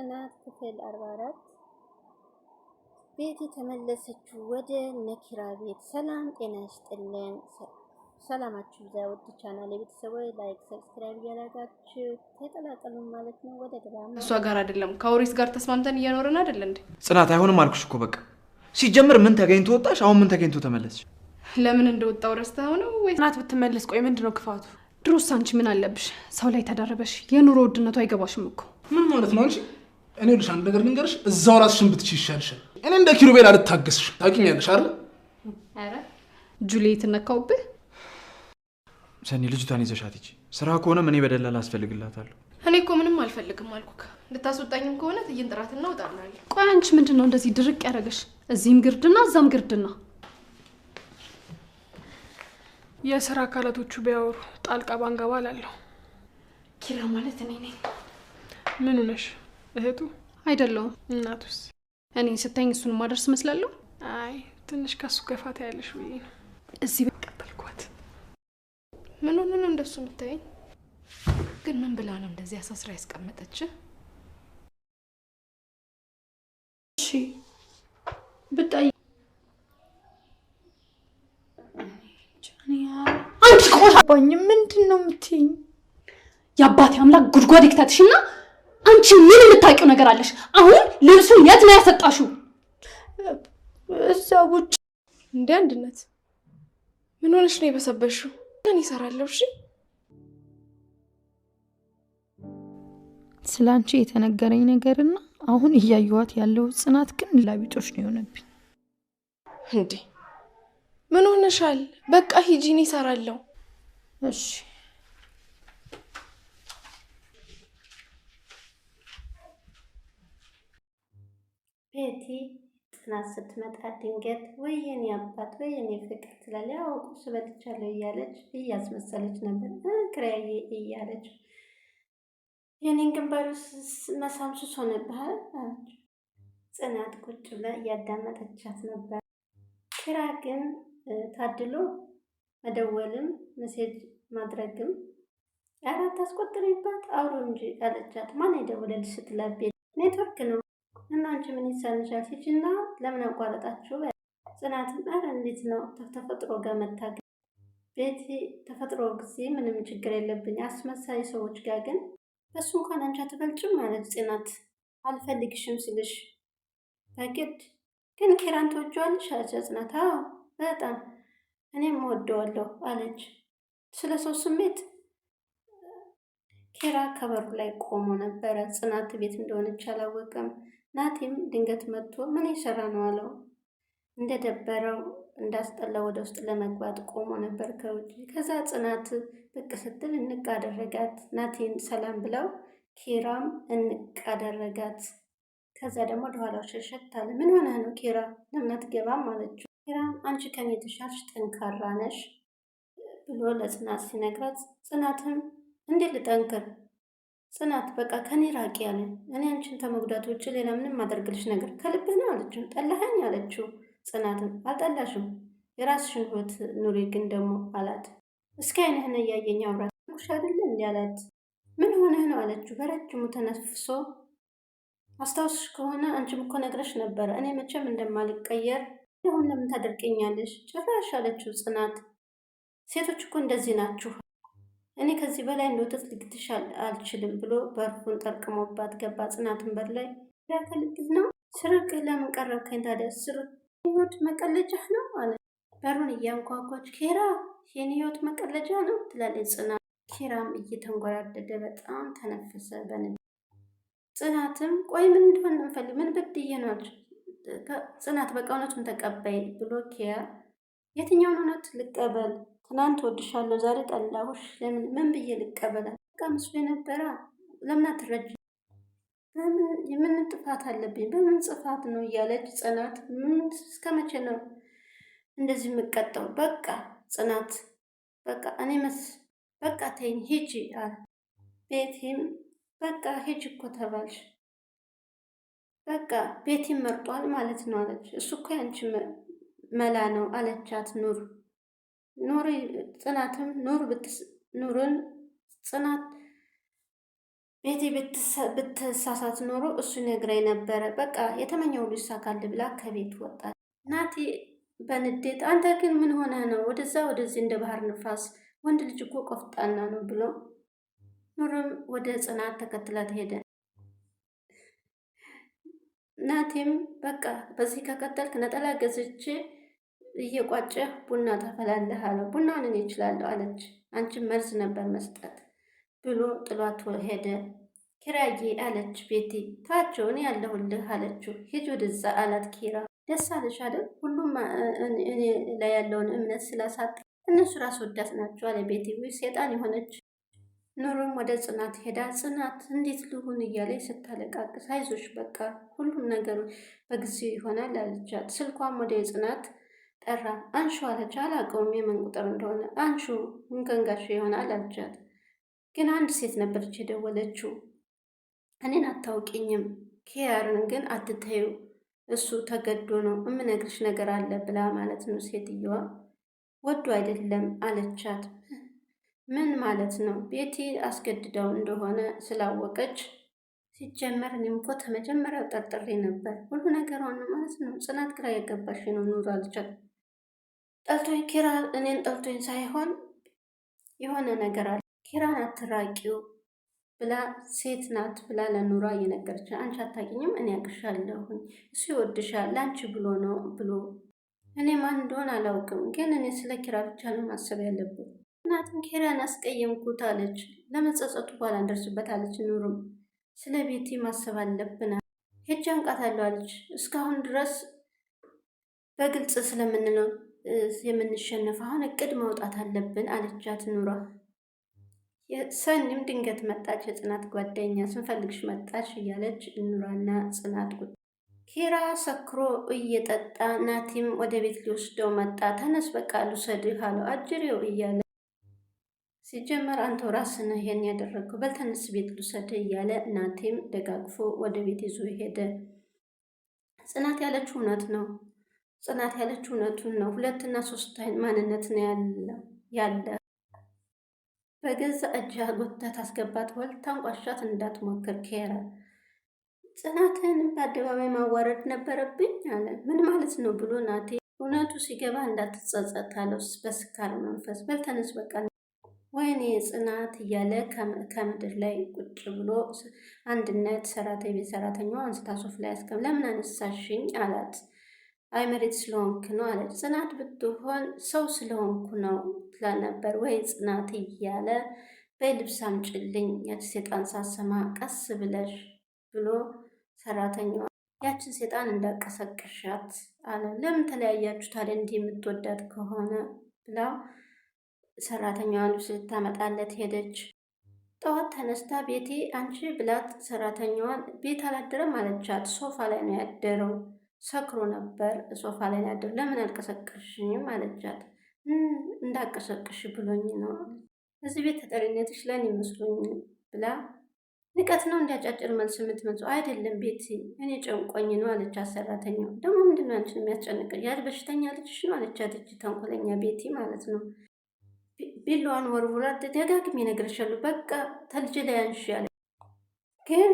ጽናት ክፍል 44 ቤት የተመለሰችው ወደ ነኪራ ቤት። ሰላም ጤና ይስጥልን። ሰላማችሁ ይብዛ። ውድ ቻናል የቤተሰቦች ላይክ፣ ሰብስክራይብ እያደረጋችሁ ተቀላቀሉ ማለት ነው። ወደ ድራማ እሷ ጋር አይደለም ከአውሬስ ጋር ተስማምተን እየኖርን አይደል እንዴ? ጽናት አይሆንም አልኩሽ እኮ በቃ። ሲጀምር ምን ተገኝቶ ወጣሽ? አሁን ምን ተገኝቶ ተመለስሽ? ለምን እንደወጣው ረስተኸው ነው ወይ? ጽናት ብትመለስ፣ ቆይ ምንድነው ክፋቱ? ድሮስ አንቺ ምን አለብሽ? ሰው ላይ ተደረበሽ የኑሮ ውድነቱ አይገባሽም እኮ ምን ማለት ነው አንቺ እኔ ልሽ አንድ ነገር ልንገርሽ፣ እዛው ራስሽን ብትች ይሻልሻል። እኔ እንደ ኪሩቤል አልታገስሽ። ታውቂኛለሽ አለ ኧረ ጁሊየት ነካውብህ። ሰኒ ልጅቷን ይዘሻት ሂጂ። ስራ ከሆነ እኔ በደላላ አስፈልግላታለሁ። እኔ እኮ ምንም አልፈልግም አልኩክ። ልታስወጣኝም ከሆነ ትይን ጥራት እናወጣናለን። ቆይ አንቺ ምንድን ነው እንደዚህ ድርቅ ያደረገሽ? እዚህም ግርድና እዛም ግርድና። የስራ አካላቶቹ ቢያወሩ ጣልቃ ባንገባ እላለሁ። ኪራ ማለት እኔ ነኝ። ምኑ ነሽ? እህቱ አይደለውም። እናቱስ? እኔ ስታኝ እሱን ማደርስ መስላለሁ። አይ ትንሽ ከሱ ገፋት ያለሽ ብዬ ነው እዚህ በቀበልኳት። ምን ሆነ ነው እንደሱ የምታየኝ? ግን ምን ብላ ነው እንደዚህ አሳስራ ያስቀመጠች? እሺ ብታይ አንቺ ባኝ ምንድን ነው የምትይኝ? የአባቴ አምላክ ጉድጓድ ይክታትሽና አንቺ ምን የምታውቂው ነገር አለሽ? አሁን ልብሱ የት ነው ያሰጣሹ? እዛ ውጭ። እንደ አንድነት ምን ሆነሽ ነው የበሰበሽው? ምን ይሰራለሁ? እሺ ስለ አንቺ የተነገረኝ ነገርና አሁን እያየኋት ያለው ጽናት ግን ላቢጦሽ ነው የሆነብኝ። እንዴ ምን ሆነሻል? በቃ ሂጂን ይሰራለሁ። እሺ ቤቲ ጥናት ስትመጣ ድንገት ወይን አባት ወይን ፍቅር ትላል። ያው ቁርስ በልቻለሁ እያለች እያስመሰለች ነበር ክራዬ እያለች የኔን ግንባሩ መሳም ነበር። ጽናት ቁጭ ብላ እያዳመጠቻት ነበር። ክራ ግን ታድሎ መደወልም መሴጅ ማድረግም አራት አስቆጥሪባት አውሮ እንጂ አለቻት። ማን የደወለልሽ ስትላቤ ኔትወርክ ነው እና አንቺ ምን ይሳንሻል? ሂጂና ለምን አቋረጣችሁ? ጽናትም ኧረ እንዴት ነው ተፈጥሮ ጋር መታገል ቤቲ ተፈጥሮ ጊዜ ምንም ችግር የለብኝ። አስመሳይ ሰዎች ጋር ግን በሱ እንኳን አንቺ አትበልጭም ማለት ጽናት አልፈልግሽም ስልሽ በግድ ግን ኪራን ትወጂዋለሽ አለች ጽናት። አዎ በጣም እኔም ወደዋለሁ አለች። ስለ ሰው ስሜት ኪራ ከበሩ ላይ ቆሞ ነበረ። ጽናት ቤት እንደሆነች አላወቀም። ናቲም ድንገት መጥቶ ምን የሰራ ነው አለው። እንደደበረው እንዳስጠላው ወደ ውስጥ ለመግባት ቆሞ ነበር ከውጭ። ከዛ ጽናት ብቅ ስትል እንቅ አደረጋት። ናቲን ሰላም ብለው ኪራም እንቅ አደረጋት። ከዛ ደግሞ ደኋላው ሸሸት አለ። ምን ሆነህ ነው ኪራ ለምን አትገባም አለችው። ኪራም አንቺ ከኔ የተሻልሽ ጠንካራ ነሽ ብሎ ለጽናት ሲነግራት ጽናትም እንዴት ልጠንክር ጽናት በቃ ከኔ ራቂ ያለ እኔ አንቺን ከመጉዳት ውጭ ሌላ ምንም አደርግልሽ ነገር ከልብህ ነው አለችው። ጠላኸኝ አለችው። ጽናትም አልጠላሽም የራስሽን ህይወት ኑሪ ግን ደግሞ አላት። እስኪ አይንህን እያየኝ አውራ ጉሽ አይደለ እንዲ አላት። ምን ሆነህ ነው አለችው። በረጅሙ ተነፍሶ አስታውስሽ ከሆነ አንቺም እኮ ነግረሽ ነበረ እኔ መቼም እንደማልቀየር ይሁን ለምን ታደርቀኛለሽ ጭራሽ አለችው ጽናት ሴቶች እኮ እንደዚህ ናችሁ እኔ ከዚህ በላይ እንደ ወተት ልግትሽ አልችልም ብሎ በርፉን ጠርቅሞባት ገባ። ጽናትን በር ላይ ያከልግል ነው ስርቅ ለምን ቀረብከኝ ታዲያ? ስር ህይወት መቀለጃህ ነው አለ። በሩን እያንኳኳች ኬራ የኔ ህይወት መቀለጃ ነው ትላለች ጽናት። ኬራም እየተንጎራደደ በጣም ተነፈሰ። በን ጽናትም ቆይ ምን እንደሆነ እንፈልግ ምን በድዬ ነው ጽናት በቃ እውነቱን ተቀበይ ብሎ ኬራ የትኛውን እውነት ልቀበል ትናንት ወድሻለሁ ዛሬ ጠላሁሽ፣ ለምን ምን ብዬ ልቀበላት? በቃ ምስሉ የነበረ ለምን አትረጅ? ምን ጥፋት አለብኝ? በምን ጽፋት ነው እያለች ጽናት እስከ መቼ ነው እንደዚህ የምቀጠው? በቃ ጽናት በቃ እኔ መስ በቃ ተይኝ ሂጂ አለ። ቤቲም በቃ ሂጂ እኮ ተባልሽ በቃ ቤቲም መርጧል ማለት ነው አለች። እሱ እኮ ያንቺ መላ ነው አለቻት ኑር ኑር ጽናትም ኑር ኑርን ጽናት ቤቴ ብትሳሳት ኖሮ እሱ ነግራኝ ነበረ። በቃ የተመኘው ሊሳካል ብላ ከቤት ወጣች። ናቲ በንዴት አንተ ግን ምን ሆነ ነው ወደዛ ወደዚህ እንደ ባህር ንፋስ? ወንድ ልጅ እኮ ቆፍጣና ነው ብሎ ኑርም ወደ ጽናት ተከትላት ሄደ። ናቲም በቃ በዚህ ከቀጠልክ ነጠላ ገዝቼ እየቋጨ ቡና ታፈላለህ አለው። ቡናውን እኔ እችላለሁ አለች። አንቺ መርዝ ነበር መስጠት ብሎ ጥሏት ሄደ። ኪራዬ አለች ቤቲ። ታቸውን ያለሁልህ አለችው። ሂጅ ወደዛ አላት ኪራ። ደስ አለሽ አይደል? ሁሉም እኔ ላይ ያለውን እምነት ስላሳጣ እነሱ ራስ ወዳት ናቸው አለ ቤቲ። ውይ ሴጣን የሆነች ኑሮም ወደ ጽናት ሄዳ ጽናት እንዴት ልሁን እያለች ስታለቃቅስ አይዞሽ በቃ ሁሉም ነገር በጊዜው ይሆናል አለቻት። ስልኳም ወደ ጽናት ጠራ። አንሹ አለች። አላውቀውም የምን ቁጥር እንደሆነ። አንሹ እንከንጋሹ ይሆናል አለቻት። ግን አንድ ሴት ነበረች የደወለችው። እኔን አታውቂኝም፣ ኪያርን ግን አትተዩ፣ እሱ ተገዶ ነው እምነግርሽ ነገር አለ ብላ ማለት ነው ሴትየዋ። ወዶ አይደለም አለቻት። ምን ማለት ነው? ቤቲ አስገድደው እንደሆነ ስላወቀች ሲጀመር እኔም እኮ ከመጀመሪያው ጠርጥሬ ነበር። ሁሉ ነገሯን ማለት ነው ጽናት ግራ የገባሽ ነው ኑሮ አልቻል ጠልቶኝ ኪራ እኔን ጠልቶኝ ሳይሆን የሆነ ነገር አለ ኪራን አትራቂው ብላ ሴት ናት ብላ ለኑራ እየነገረች አንቺ አታቂኝም እኔ አውቅሻለሁኝ። እሱ ይወድሻል ለአንቺ ብሎ ነው ብሎ እኔ ማን እንደሆን አላውቅም፣ ግን እኔ ስለ ኪራ ብቻ ነው ማሰብ ያለብን። እናትም ኪራን አስቀየምኩት አለች። ለመጸጸቱ በኋላ እንደርስበት አለች። ኑሩም ስለ ቤቲ ማሰብ አለብና ሄጃ እንቃታለሁ አለች። እስካሁን ድረስ በግልጽ ስለምንለው የምንሸነፍ አሁን እቅድ ማውጣት አለብን አለቻት ኑራ። ሰኒም ድንገት መጣች። የጽናት ጓደኛ ስንፈልግሽ መጣች እያለች ኑራና ጽናት ጉ ኪራ ሰክሮ እየጠጣ ናቲም ወደ ቤት ሊወስደው መጣ። ተነስ በቃ ልውሰድህ አለው። አጅሬው እያለ ሲጀመር አንተ ራስ ነህ ይሄን ያደረገው በልተነስ ቤት ልውሰድህ እያለ ናቲም ደጋግፎ ወደ ቤት ይዞ ሄደ። ጽናት ያለችው እውነት ነው። ጽናት ያለች እውነቱን ነው። ሁለትና ሶስት ማንነት ነው ያለ። በገዛ እጅ ጎትተህ አስገባት ወል ታንቋሻት እንዳትሞክር ኬረ ጽናትን በአደባባይ ማዋረድ ነበረብኝ አለ። ምን ማለት ነው ብሎ ናቴ እውነቱ ሲገባ እንዳትጸጸት አለው በስካር መንፈስ። በልተነስ በቃ ወይኔ ጽናት እያለ ከምድር ላይ ቁጭ ብሎ አንድነት ሰራተ ቤት ሰራተኛዋ አንስታ ሶፍ ላይ አስቀም ለምን አነሳሽኝ አላት። አይ መሬት ስለሆንክ ነው አለች። ጽናት ብትሆን ሰው ስለሆንኩ ነው ትላል ነበር ወይ ጽናት እያለ በይ ልብስ አምጪልኝ ያቺ ሴጣን ሳሰማ ቀስ ብለሽ ብሎ ሰራተኛዋ ያችን ሴጣን እንዳቀሰቀሻት አለ። ለምን ተለያያችሁ ታዲያ እንዲህ የምትወዳት ከሆነ ብላ ሰራተኛዋ ልብስ ልታመጣለት ሄደች። ጠዋት ተነስታ ቤቴ አንቺ ብላት ሰራተኛዋን ቤት አላደረም አለቻት። ሶፋ ላይ ነው ያደረው ሰክሮ ነበር ሶፋ ላይ ያደር ለምን አልቀሰቀሽኝም አለቻት። እንዳቀሰቅሽ ብሎኝ ነው እዚህ ቤት ተጠሪነትሽ ለእኔ መስሎኝ ብላ ንቀት ነው እንዲያጫጭር መልስ የምትመጽ አይደለም ቤት እኔ ጨንቆኝ ነው አለቻት። ሰራተኛው ደግሞ ምንድን ነው አንቺን የሚያስጨንቀው ያል በሽተኛ ልጅሽ ነው አለቻት። እጅ ተንኮለኛ ቤቲ ማለት ነው ቢላዋን ወርውራ ደጋግሜ እነግርሻለሁ በቃ ተልጅ ላይ አንሺ ያለ ግን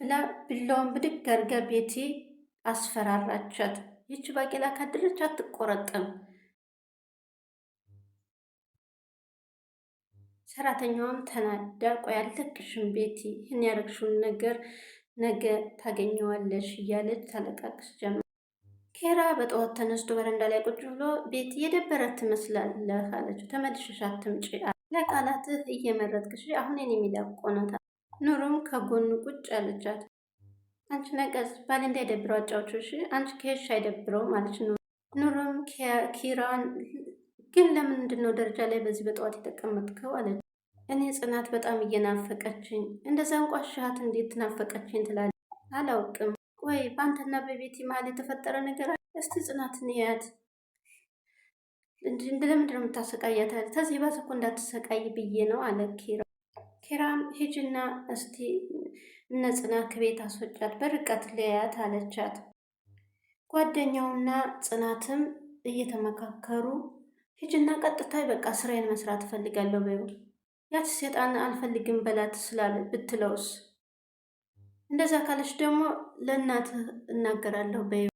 ብላ ቢላዋን ብድግ አድርጋ ቤቲ አስፈራራቻት። ይች ባቄላ ካደረች አትቆረጥም። ሰራተኛዋም ተናዳ ቆይ አልለቅሽም ቤቲ፣ ይህን ያደረግሽውን ነገር ነገ ታገኘዋለሽ እያለች ታለቃቅስ ጀመር። ኬራ በጠዋት ተነስቶ በረንዳ ላይ ቁጭ ብሎ ቤቲ የደበረ ትመስላለህ አለችው። ተመልሸሽ አትምጪ ለቃላትህ እየመረጥክሽ አሁን የሚዳቆናታል ኑሩም ከጎኑ ቁጭ አለቻት። አንቺ ነቀስ ባል እንዳይደብረው አጫውቸው። እሺ አንቺ ከሽ አይደብረው ማለት ነው። ኑሮም ኪራን ግን ለምንድን ነው ደረጃ ላይ በዚህ በጠዋት የተቀመጥከው? አለች። እኔ ጽናት በጣም እየናፈቀችኝ እንደዛ እንቋሻት እንዴት ትናፈቀችኝ ትላለች። አላውቅም። ወይ በአንተና በቤቲ መሀል የተፈጠረ ነገር አለ? እስቲ ጽናትን ያት እንደ ለምንድን ነው የምታሰቃያት? ከዚህ ባሰ እኮ እንዳትሰቃይ ብዬ ነው አለ ኪራ። ኪራም ሂጅና እስቲ እነ ጽናት ከቤት አስወጫት፣ በርቀት ለያት አለቻት። ጓደኛውና ጽናትም እየተመካከሩ ሂጅና ቀጥታ በቃ ስራዬን መስራት እፈልጋለሁ በዩ ያች ሴጣን አልፈልግም በላት ስላለ ብትለውስ እንደዛ ካለች ደግሞ ለእናትህ እናገራለሁ በዩ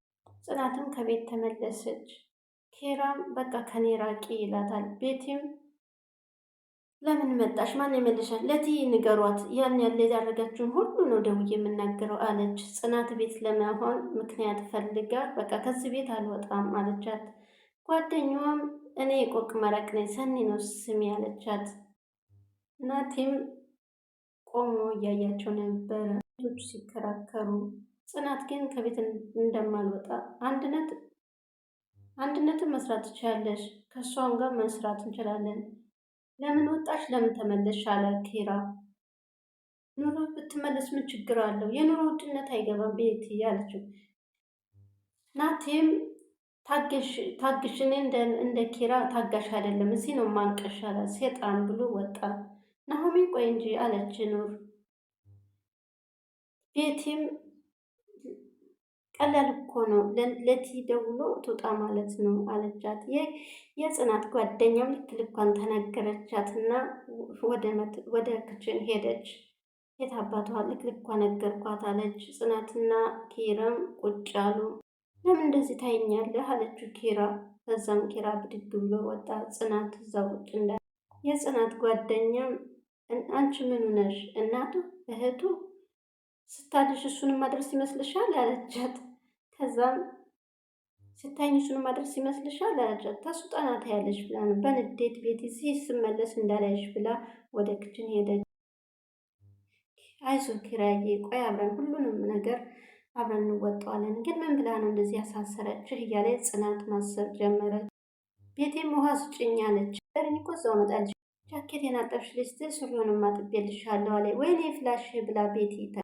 ጽናትም ከቤት ተመለሰች። ኬራም በቃ ከኔ ራቂ ይላታል። ቤቲም ለምን መጣሽ? ማን የመለሻል? ለቲ ንገሯት። ያን ያለ ያደረጋችሁን ሁሉ ነው ደውዬ የምናገረው አለች። ጽናት ቤት ለመሆን ምክንያት ፈልጋ በቃ ከዚህ ቤት አልወጣም አለቻት። ጓደኛዋም እኔ የቆቅ መረቅ ነኝ ሰኒ ነው ስሜ አለቻት። ናቲም ቆሞ እያያቸው ነበረ ልጆቹ ሲከራከሩ። ጽናት ግን ከቤት እንደማልወጣ አንድነት አንድነትን መስራት ትችላለሽ፣ ከእሷም ጋር መስራት እንችላለን ለምን ወጣሽ ለምን ተመለሽ አለ ኪራ። ኑሮ ብትመለስ ምን ችግር አለው? የኑሮ ውድነት አይገባም ቤት ያለችው ናቴም ታግሽ እኔ እንደ ኪራ ታጋሽ አይደለም እዚህ ነው አለ ሴጣን ብሎ ወጣ። ናሆሚን ቆይ እንጂ አለች ኑር ቤቲም ቀላል እኮ ነው፣ ለቲ ደውሎ ትውጣ ማለት ነው አለቻት። የጽናት ጓደኛም ልክ ልኳን ተነገረቻት እና ወደ ክችን ሄደች። የት አባቷ ልክ ልኳ ነገርኳት አለች። ጽናትና ኪራም ቁጭ አሉ። ለምን እንደዚህ ታይኛለህ? አለችው ኪራ። ከዛም ኪራ ብድግ ብሎ ወጣ። ጽናት እዛ ቁጭ እንዳ የጽናት ጓደኛም አንቺ ምኑ ነሽ? እናቱ እህቱ ስታልሽ እሱን ማድረስ ይመስልሻል? አለቻት። ከዛም ስታኝ እሱን ማድረስ ይመስልሻል አላጃት። ታሱ ጠና ታያለሽ ብላ ነው በንዴት ቤት እዚህ ስመለስ እንዳላይሽ ብላ ወደ ክችን ሄደች። አይዞ ኪራዬ፣ ቆይ አብረን ሁሉንም ነገር አብረን እንወጣዋለን። ግን ምን ብላ ነው እንደዚህ ያሳሰረችህ? እያለ ጽናት ማሰብ ጀመረች። ቤቴም ውሃ ስጭኝ አለች። ደርን እኮ እዛው መጣች። ጃኬት የናጠፍሽ ልጅ ስሩንም ሱሪውንም አጥቤልሻለሁ አለ። ወይኔ ፍላሽ ብላ ቤቴ